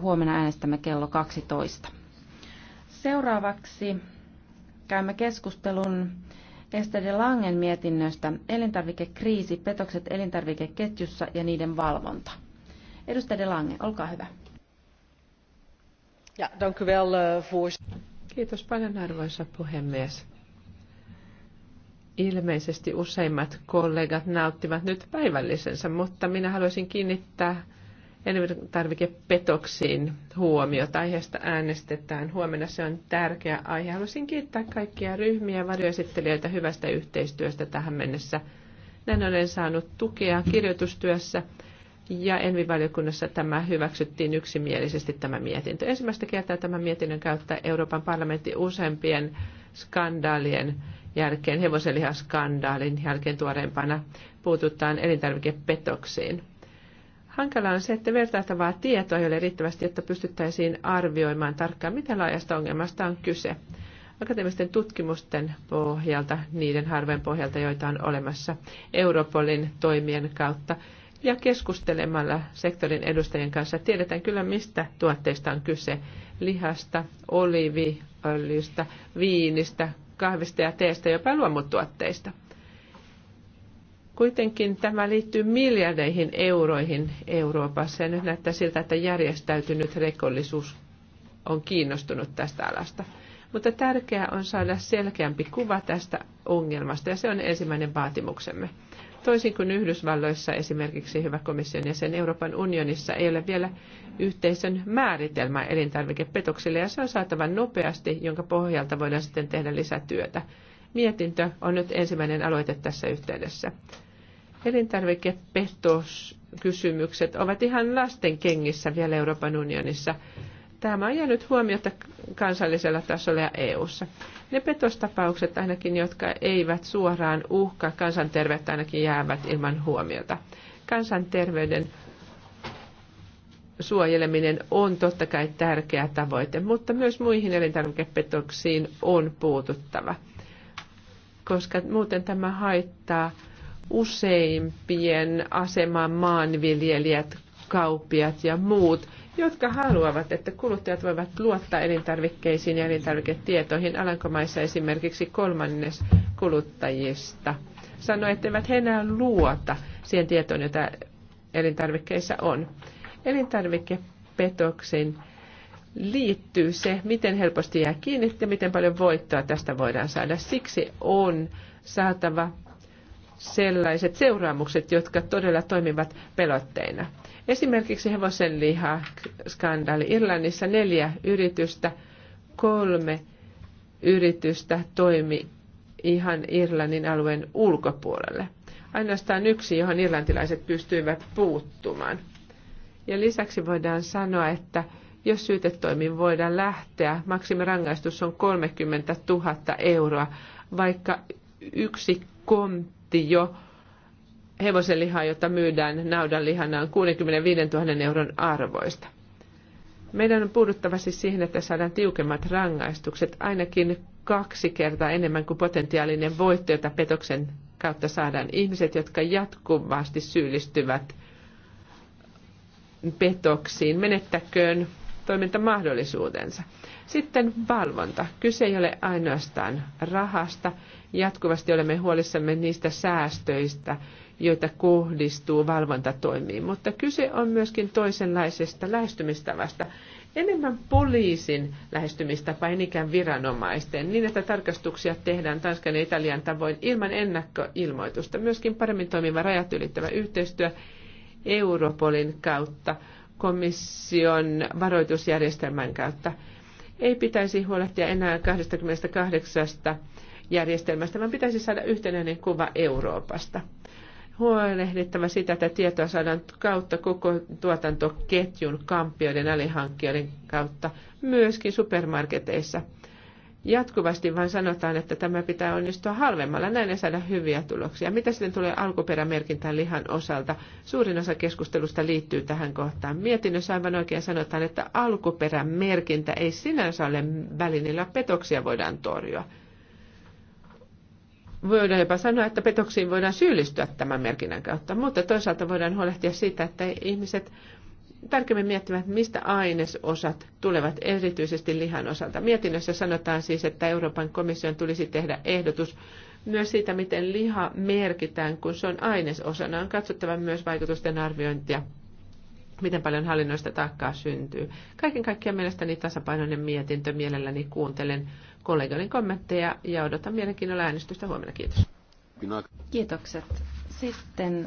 huomenna äänestämme kello 12. Seuraavaksi käymme keskustelun Estede Langen mietinnöstä Elintarvikekriisi, petokset elintarvikeketjussa ja niiden valvonta. Edustaja De Lange, olkaa hyvä. Ja, dank u wel, uh, Kiitos paljon arvoisa puhemies. Ilmeisesti useimmat kollegat nauttivat nyt päivällisensä, mutta minä haluaisin kiinnittää elintarvikepetoksiin huomiota. Aiheesta äänestetään huomenna. Se on tärkeä aihe. Haluaisin kiittää kaikkia ryhmiä ja varjoesittelijöitä hyvästä yhteistyöstä tähän mennessä. Näin olen saanut tukea kirjoitustyössä ja Envivaliokunnassa tämä hyväksyttiin yksimielisesti tämä mietintö. Ensimmäistä kertaa tämä mietinnön käyttää Euroopan parlamentti useampien skandaalien jälkeen, hevosenlihaskandaalin jälkeen tuoreempana, puututaan elintarvikepetoksiin. Hankala on se, että vertailtavaa tietoa ei ole riittävästi, jotta pystyttäisiin arvioimaan tarkkaan, mitä laajasta ongelmasta on kyse. Akateemisten tutkimusten pohjalta, niiden harvojen pohjalta, joita on olemassa Europolin toimien kautta, ja keskustelemalla sektorin edustajien kanssa tiedetään kyllä, mistä tuotteista on kyse. Lihasta, oliiviöljystä, viinistä, kahvista ja teestä, jopa luomutuotteista. Kuitenkin tämä liittyy miljardeihin euroihin Euroopassa ja nyt näyttää siltä, että järjestäytynyt rikollisuus on kiinnostunut tästä alasta. Mutta tärkeää on saada selkeämpi kuva tästä ongelmasta ja se on ensimmäinen vaatimuksemme. Toisin kuin Yhdysvalloissa esimerkiksi hyvä komission jäsen Euroopan unionissa ei ole vielä yhteisön määritelmää elintarvikepetoksille ja se on saatava nopeasti, jonka pohjalta voidaan sitten tehdä lisätyötä. Mietintö on nyt ensimmäinen aloite tässä yhteydessä. Elintarvikepetoskysymykset ovat ihan lasten kengissä vielä Euroopan unionissa. Tämä on jäänyt huomiota kansallisella tasolla ja EU:ssa. Ne petostapaukset ainakin, jotka eivät suoraan uhkaa kansanterveyttä, ainakin jäävät ilman huomiota. Kansanterveyden suojeleminen on totta kai tärkeä tavoite, mutta myös muihin elintarvikepetoksiin on puututtava, koska muuten tämä haittaa useimpien asemaan maanviljelijät, kauppiat ja muut, jotka haluavat, että kuluttajat voivat luottaa elintarvikkeisiin ja elintarviketietoihin. Alankomaissa esimerkiksi kolmannes kuluttajista sanoi, että eivät he enää luota siihen tietoon, jota elintarvikkeissa on. Elintarvikepetoksiin liittyy se, miten helposti jää kiinni ja miten paljon voittoa tästä voidaan saada. Siksi on saatava sellaiset seuraamukset, jotka todella toimivat pelotteina. Esimerkiksi hevosen skandaali Irlannissa neljä yritystä, kolme yritystä toimi ihan Irlannin alueen ulkopuolelle. Ainoastaan yksi, johon irlantilaiset pystyivät puuttumaan. Ja lisäksi voidaan sanoa, että jos syytetoimin voidaan lähteä, maksimirangaistus on 30 000 euroa, vaikka yksi komp kilogrammapaketti jo lihaa, jota myydään naudanlihana, on 65 000 euron arvoista. Meidän on puuduttava siis siihen, että saadaan tiukemmat rangaistukset, ainakin kaksi kertaa enemmän kuin potentiaalinen voitto, jota petoksen kautta saadaan. Ihmiset, jotka jatkuvasti syyllistyvät petoksiin, menettäköön toimintamahdollisuutensa. Sitten valvonta. Kyse ei ole ainoastaan rahasta. Jatkuvasti olemme huolissamme niistä säästöistä, joita kohdistuu valvontatoimiin, mutta kyse on myöskin toisenlaisesta lähestymistavasta. Enemmän poliisin lähestymistapa, enikään viranomaisten, niin että tarkastuksia tehdään Tanskan ja Italian tavoin ilman ennakkoilmoitusta. Myöskin paremmin toimiva rajat ylittävä yhteistyö Europolin kautta, komission varoitusjärjestelmän kautta ei pitäisi huolehtia enää 28 järjestelmästä, vaan pitäisi saada yhtenäinen kuva Euroopasta. Huolehdittava sitä, että tietoa saadaan kautta koko tuotantoketjun, kampioiden, alihankkijoiden kautta, myöskin supermarketeissa – jatkuvasti vain sanotaan, että tämä pitää onnistua halvemmalla, näin ei saada hyviä tuloksia. Mitä sitten tulee alkuperämerkintään lihan osalta? Suurin osa keskustelusta liittyy tähän kohtaan. Mietinnössä aivan oikein sanotaan, että alkuperämerkintä ei sinänsä ole välineellä petoksia voidaan torjua. Voidaan jopa sanoa, että petoksiin voidaan syyllistyä tämän merkinnän kautta, mutta toisaalta voidaan huolehtia siitä, että ihmiset tarkemmin miettivät, mistä ainesosat tulevat erityisesti lihan osalta. Mietinnössä sanotaan siis, että Euroopan komission tulisi tehdä ehdotus myös siitä, miten liha merkitään, kun se on ainesosana. On katsottava myös vaikutusten arviointia, miten paljon hallinnoista taakkaa syntyy. Kaiken kaikkiaan mielestäni tasapainoinen mietintö. Mielelläni kuuntelen kollegoiden kommentteja ja odotan mielenkiinnolla äänestystä huomenna. Kiitos. Kiitokset. Sitten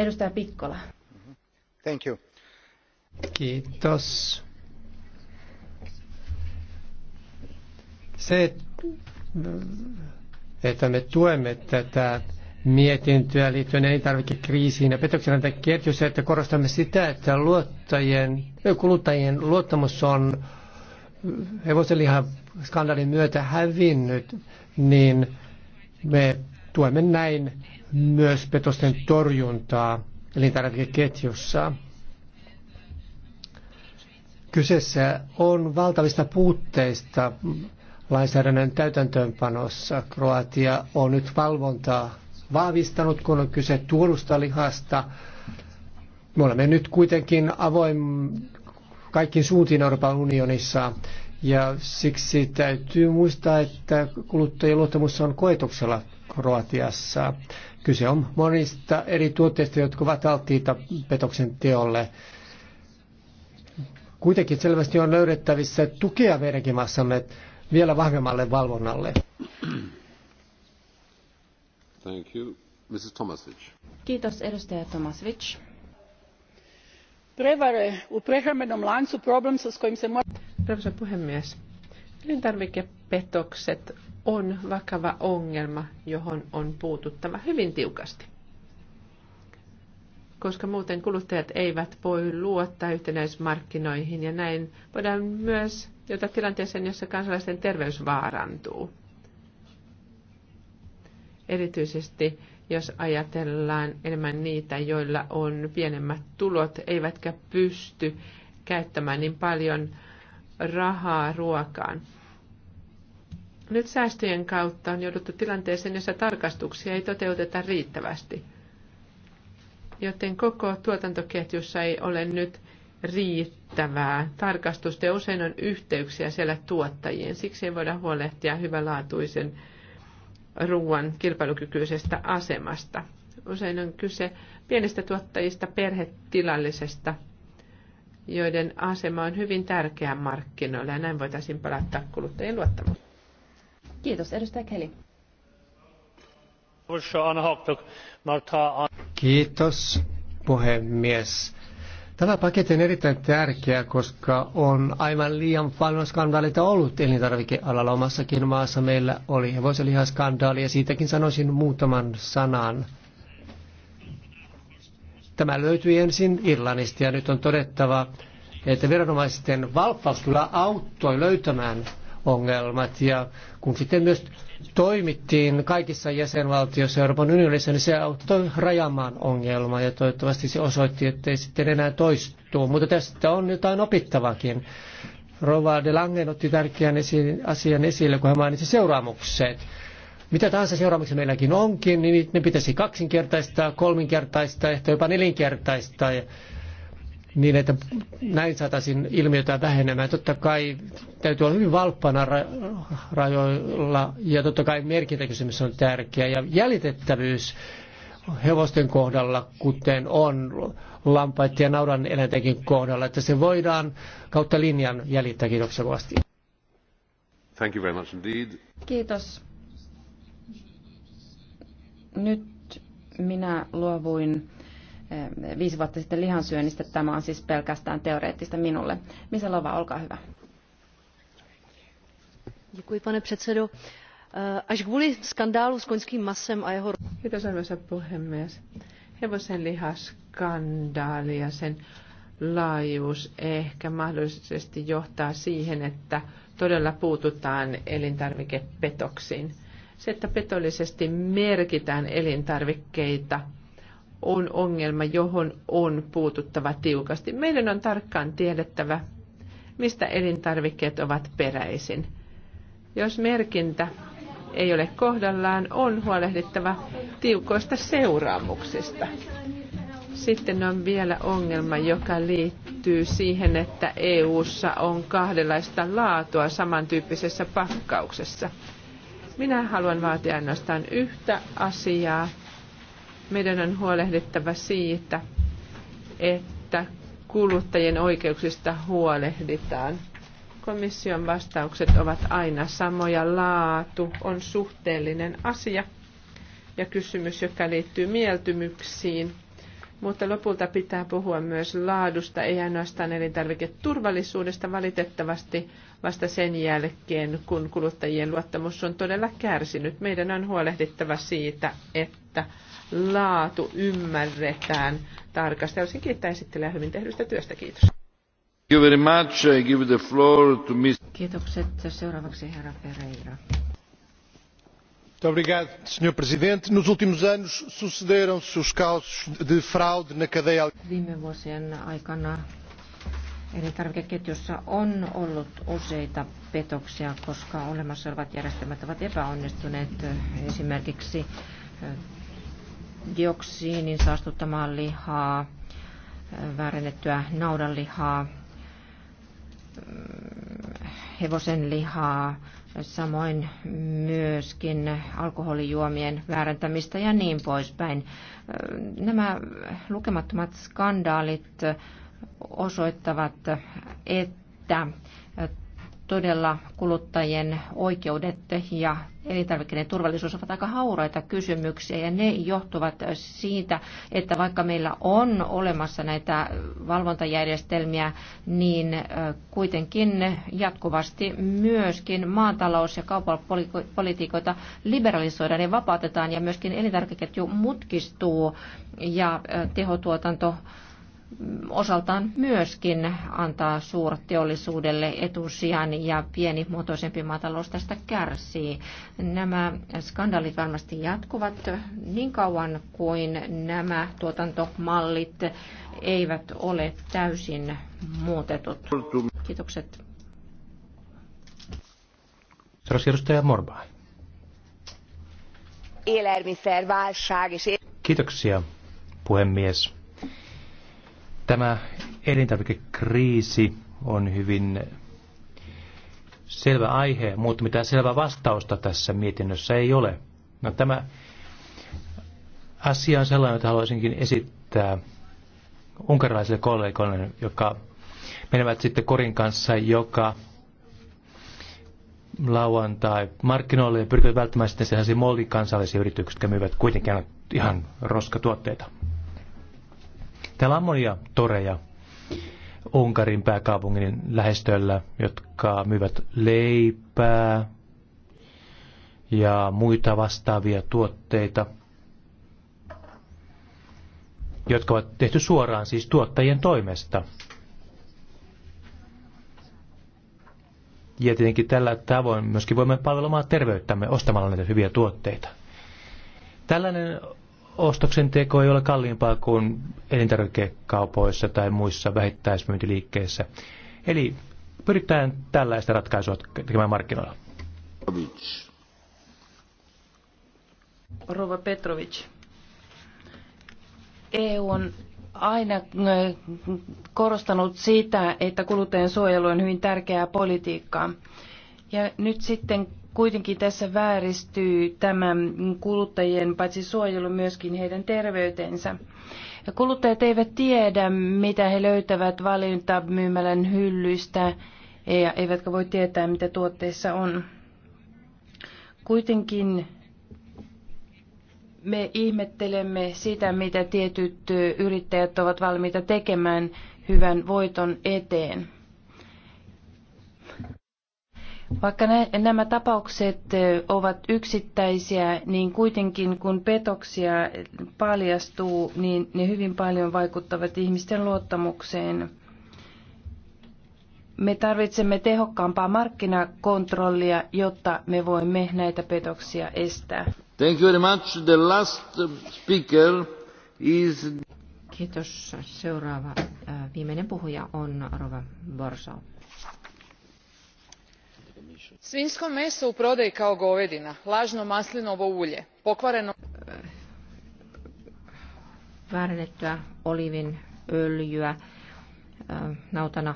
Edustaja Pikkola. Mm-hmm. Thank you. Kiitos. Se, että me tuemme tätä mietintöä liittyen elintarvikekriisiin ja petoksen ketjussa, että korostamme sitä, että luottajien, kuluttajien luottamus on hevosenlihan skandaalin myötä hävinnyt, niin me Tuemme näin myös petosten torjuntaa elintarvikeketjussa. Kyseessä on valtavista puutteista lainsäädännön täytäntöönpanossa. Kroatia on nyt valvontaa vahvistanut, kun on kyse tuodusta lihasta. Me olemme nyt kuitenkin avoin kaikkiin suuntiin Euroopan unionissa ja siksi täytyy muistaa, että kuluttajien luottamus on koetuksella Kroatiassa. Kyse on monista eri tuotteista, jotka ovat alttiita petoksen teolle. Kuitenkin selvästi on löydettävissä tukea meidänkin maassamme vielä vahvemmalle valvonnalle. Thank you. Mrs. Tomasic. Kiitos edustaja Tomasic. Prevare u prehrambenom lancu problem sa s kojim se mora Arvoisa puhemies, elintarvikepetokset on vakava ongelma, johon on puututtava hyvin tiukasti. Koska muuten kuluttajat eivät voi luottaa yhtenäismarkkinoihin ja näin voidaan myös jota tilanteeseen, jossa kansalaisten terveys vaarantuu. Erityisesti jos ajatellaan enemmän niitä, joilla on pienemmät tulot, eivätkä pysty käyttämään niin paljon rahaa ruokaan. Nyt säästöjen kautta on jouduttu tilanteeseen, jossa tarkastuksia ei toteuteta riittävästi. Joten koko tuotantoketjussa ei ole nyt riittävää tarkastusta ja usein on yhteyksiä siellä tuottajiin. Siksi ei voida huolehtia hyvälaatuisen ruoan kilpailukykyisestä asemasta. Usein on kyse pienistä tuottajista, perhetilallisesta – joiden asema on hyvin tärkeä markkinoilla ja näin voitaisiin palauttaa kuluttajien luottamus. Kiitos, edustaja Kelly. Kiitos, puhemies. Tämä paketti on erittäin tärkeä, koska on aivan liian paljon skandaaleita ollut elintarvikealalla omassakin maassa. Meillä oli hevoselihaskandaali ja siitäkin sanoisin muutaman sanan. Tämä löytyi ensin Irlannista ja nyt on todettava, että viranomaisten valppaus kyllä auttoi löytämään ongelmat ja kun sitten myös toimittiin kaikissa jäsenvaltioissa Euroopan unionissa, niin se auttoi rajamaan ongelmaa ja toivottavasti se osoitti, ettei sitten enää toistuu. Mutta tästä on jotain opittavakin. Rova de Langen otti tärkeän asian esille, kun hän mainitsi seuraamukset. Mitä tahansa seuraamuksia meilläkin onkin, niin ne pitäisi kaksinkertaistaa, kolminkertaistaa, ehkä jopa nelinkertaistaa niin, että näin saataisiin ilmiötä vähenemään. Totta kai täytyy olla hyvin ra- rajoilla ja totta kai merkintäkysymys on tärkeä ja jäljitettävyys hevosten kohdalla, kuten on lampaiden ja naudan eläintenkin kohdalla, että se voidaan kautta linjan jäljittää. Kiitoksia kovasti. Thank you very much indeed. Kiitos. Nyt minä luovuin eh, viisi vuotta sitten lihansyönnistä. Tämä on siis pelkästään teoreettista minulle. Missä Lova, olkaa hyvä. Děkuji, pane předsedo. Eh, až kvůli skandálu s koňským masem a jeho... Kiitos, arvoisa puhemies. Hevosen lihaskandaali ja sen laajuus ehkä mahdollisesti johtaa siihen, että todella puututaan elintarvikepetoksiin. Se, että petollisesti merkitään elintarvikkeita, on ongelma, johon on puututtava tiukasti. Meidän on tarkkaan tiedettävä, mistä elintarvikkeet ovat peräisin. Jos merkintä ei ole kohdallaan, on huolehdittava tiukoista seuraamuksista. Sitten on vielä ongelma, joka liittyy siihen, että EU:ssa on kahdenlaista laatua samantyyppisessä pakkauksessa. Minä haluan vaatia ainoastaan yhtä asiaa. Meidän on huolehdittava siitä, että kuluttajien oikeuksista huolehditaan. Komission vastaukset ovat aina samoja. Laatu on suhteellinen asia ja kysymys, joka liittyy mieltymyksiin. Mutta lopulta pitää puhua myös laadusta, ei ainoastaan elintarviketurvallisuudesta. Valitettavasti vasta sen jälkeen, kun kuluttajien luottamus on todella kärsinyt. Meidän on huolehdittava siitä, että laatu ymmärretään tarkasti. Olisin kiittää esittelijää hyvin tehdystä työstä. Kiitos. Thank you very much. I give the floor to Ms. Kiitokset. Seuraavaksi herra Pereira. Viime vuosien aikana Eli tarvikeketjussa on ollut useita petoksia, koska olemassa olevat järjestelmät ovat epäonnistuneet. Esimerkiksi dioksiinin saastuttamaa lihaa, väärennettyä naudanlihaa, mm, hevosen lihaa, samoin myöskin alkoholijuomien väärentämistä ja niin poispäin. Nämä lukemattomat skandaalit osoittavat, että todella kuluttajien oikeudet ja elintarvikkeiden turvallisuus ovat aika hauraita kysymyksiä ja ne johtuvat siitä, että vaikka meillä on olemassa näitä valvontajärjestelmiä, niin kuitenkin jatkuvasti myöskin maatalous- ja kaupapolitiikoita liberalisoidaan ja vapautetaan ja myöskin elintarvikeketju mutkistuu ja tehotuotanto osaltaan myöskin antaa suurteollisuudelle etusijan ja pienimuotoisempi maatalous tästä kärsii. Nämä skandaalit varmasti jatkuvat niin kauan kuin nämä tuotantomallit eivät ole täysin muutetut. Kiitokset. edustaja Morbaa. Kiitoksia, puhemies Tämä elintarvikekriisi on hyvin selvä aihe, mutta mitään selvää vastausta tässä mietinnössä ei ole. No, tämä asia on sellainen, että haluaisinkin esittää unkarilaisille kollegoille, jotka menevät sitten korin kanssa joka lauantai markkinoille ja pyrkivät välttämään sitten sellaisia mollikansallisia yrityksiä, jotka myyvät kuitenkin ihan roskatuotteita. Täällä on monia toreja Unkarin pääkaupungin lähestöllä, jotka myyvät leipää ja muita vastaavia tuotteita, jotka ovat tehty suoraan siis tuottajien toimesta. Ja tietenkin tällä tavoin myöskin voimme palvella terveyttämme ostamalla näitä hyviä tuotteita. Tällainen ostoksen teko ei ole kalliimpaa kuin elintarvikekaupoissa tai muissa vähittäismyyntiliikkeissä. Eli pyritään tällaista ratkaisua tekemään markkinoilla. Rova Petrovic. EU on aina äh, korostanut sitä, että kuluttajan suojelu on hyvin tärkeää politiikkaa. Ja nyt sitten Kuitenkin tässä vääristyy tämä kuluttajien paitsi suojelu myöskin heidän terveytensä. Kuluttajat eivät tiedä, mitä he löytävät valinta myymälän hyllystä, eivätkä voi tietää, mitä tuotteissa on. Kuitenkin me ihmettelemme sitä, mitä tietyt yrittäjät ovat valmiita tekemään hyvän voiton eteen. Vaikka nämä tapaukset ovat yksittäisiä, niin kuitenkin kun petoksia paljastuu, niin ne hyvin paljon vaikuttavat ihmisten luottamukseen. Me tarvitsemme tehokkaampaa markkinakontrollia, jotta me voimme näitä petoksia estää. Thank you very much. The last speaker is... Kiitos. Seuraava viimeinen puhuja on Rova Borsal svinjsko meso u prodaji kao govedina lano maslinovo ulje pokvareno väärennettyä oliivinöljyä, nautana,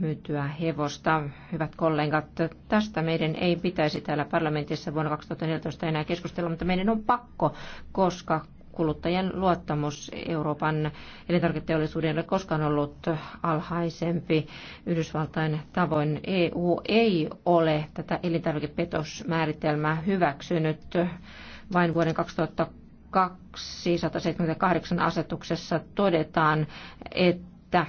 myytyä hevosta. Hyvät kollegat, tästä meidän ei pitäisi täällä parlamentissa vuonna 2014 enää keskustella, mutta meidän on pakko, koska kuluttajien luottamus Euroopan elintarviketeollisuuden ei ole koskaan ollut alhaisempi. Yhdysvaltain tavoin EU ei ole tätä elintarvikepetosmääritelmää hyväksynyt vain vuoden 2002 178 asetuksessa todetaan, että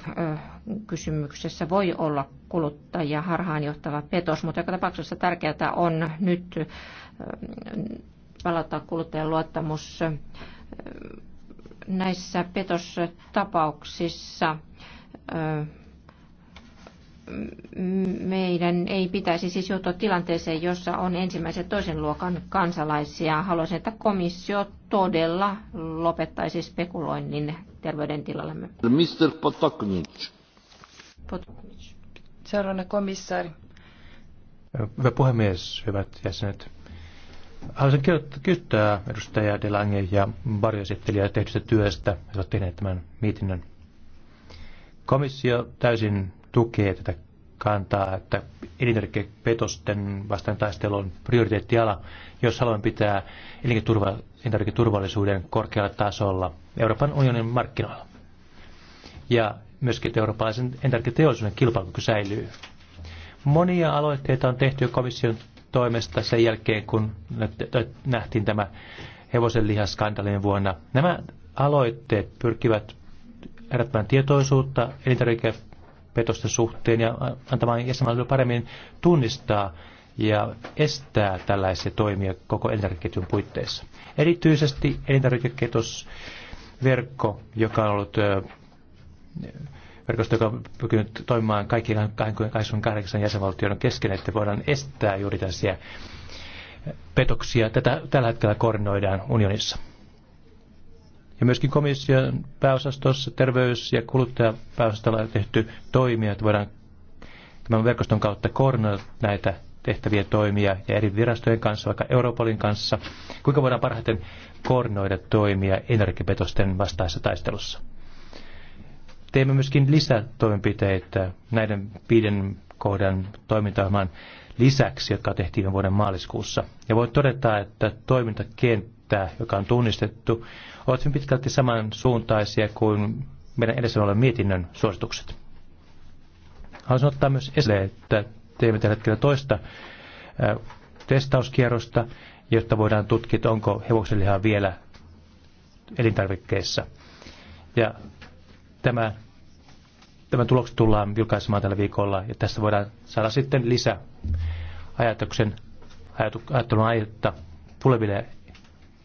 kysymyksessä voi olla kuluttajia harhaanjohtava petos, mutta joka tapauksessa tärkeää on nyt palauttaa kuluttajan luottamus näissä petostapauksissa meidän ei pitäisi siis joutua tilanteeseen, jossa on ensimmäisen ja toisen luokan kansalaisia. Haluaisin, että komissio todella lopettaisi spekuloinnin terveydentilallemme. Mr. Potoknic. Potoknic. Seuraavana komissaari. Hyvä puhemies, hyvät jäsenet. Haluaisin kiittää edustaja Delange ja varjoesittelijä tehdystä työstä, jotka ovat tehneet tämän mietinnön. Komissio täysin tukee tätä kantaa, että elintarvikepetosten vastaan taistelu on prioriteettiala, jos haluamme pitää elintarviketurvallisuuden korkealla tasolla Euroopan unionin markkinoilla. Ja myöskin, että eurooppalaisen elintarviketeollisuuden kilpailukyky säilyy. Monia aloitteita on tehty jo komission toimesta sen jälkeen, kun nähtiin tämä hevosen lihaskandaalin vuonna. Nämä aloitteet pyrkivät herättämään tietoisuutta elintarvikepetosten suhteen ja antamaan jäsenmaille paremmin tunnistaa ja estää tällaisia toimia koko elintarvikeketjun puitteissa. Erityisesti elintarvikeketosverkko, joka on ollut verkosto, joka on pyrkinyt toimimaan kaikkien 28 jäsenvaltioiden kesken, että voidaan estää juuri tällaisia petoksia. Tätä tällä hetkellä koordinoidaan unionissa. Ja myöskin komission pääosastossa terveys- ja kuluttajapääosastolla on tehty toimia, että voidaan tämän verkoston kautta koordinoida näitä tehtäviä toimia ja eri virastojen kanssa, vaikka Europolin kanssa, kuinka voidaan parhaiten koordinoida toimia energiapetosten vastaisessa taistelussa teemme myöskin lisätoimenpiteitä näiden viiden kohdan toimintaohjelman lisäksi, jotka tehtiin jo vuoden maaliskuussa. Ja voin todeta, että toimintakenttä, joka on tunnistettu, ovat hyvin pitkälti samansuuntaisia kuin meidän edessä olevan mietinnön suositukset. Haluaisin ottaa myös esille, että teemme tällä hetkellä toista testauskierrosta, jotta voidaan tutkia, onko lihaa vielä elintarvikkeissa. Ja tämä Tämä tulokset tullaan julkaisemaan tällä viikolla ja tässä voidaan saada sitten lisää ajatuksen, ajattelun aihetta tuleville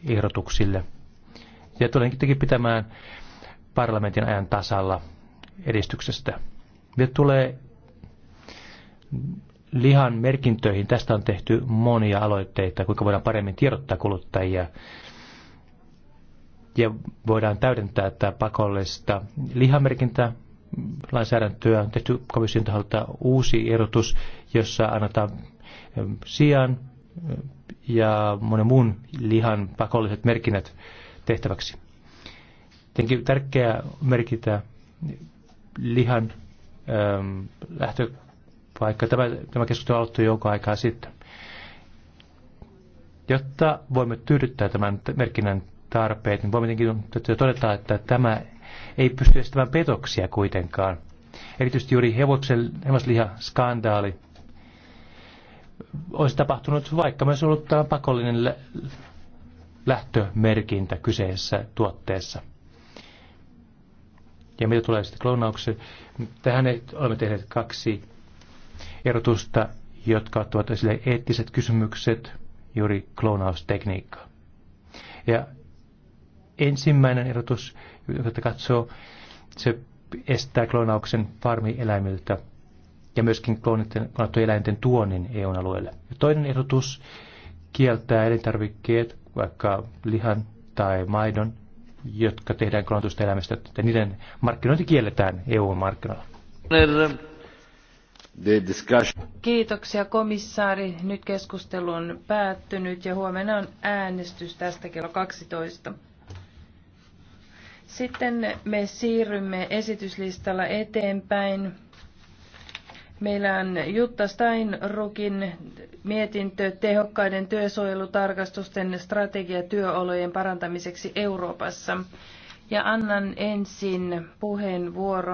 ehdotuksille. Ja todennäköisesti pitämään parlamentin ajan tasalla edistyksestä. Ja tulee lihan merkintöihin. Tästä on tehty monia aloitteita, kuinka voidaan paremmin tiedottaa kuluttajia. Ja voidaan täydentää tätä pakollista lihamerkintää lainsäädäntöä on tehty komission taholta uusi erotus, jossa annetaan sian ja monen muun lihan pakolliset merkinnät tehtäväksi. Tietenkin tärkeää merkitä lihan ähm, lähtöpaikka. Tämä, tämä keskustelu aloittui jonkun aikaa sitten. Jotta voimme tyydyttää tämän merkinnän tarpeet, niin voimme tietenkin todeta, että tämä ei pysty estämään petoksia kuitenkaan. Erityisesti juuri hevosliha skandaali olisi tapahtunut, vaikka myös ollut tämä pakollinen lähtömerkintä kyseessä tuotteessa. Ja mitä tulee sitten kloonaukseen, tähän olemme tehneet kaksi erotusta, jotka ottavat esille eettiset kysymykset, juuri klonaustekniikkaa. Ja ensimmäinen erotus, jota katsoo, se estää kloonauksen farmieläimiltä ja myöskin kloonattujen eläinten tuonnin EUn alueelle. Ja toinen erotus kieltää elintarvikkeet, vaikka lihan tai maidon, jotka tehdään kloonatusta eläimistä, että niiden markkinointi kielletään EUn markkinoilla. Kiitoksia komissaari. Nyt keskustelu on päättynyt ja huomenna on äänestys tästä kello 12. Sitten me siirrymme esityslistalla eteenpäin. Meillä on Jutta Steinrukin mietintö tehokkaiden työsuojelutarkastusten strategia työolojen parantamiseksi Euroopassa. Ja annan ensin puheenvuoron.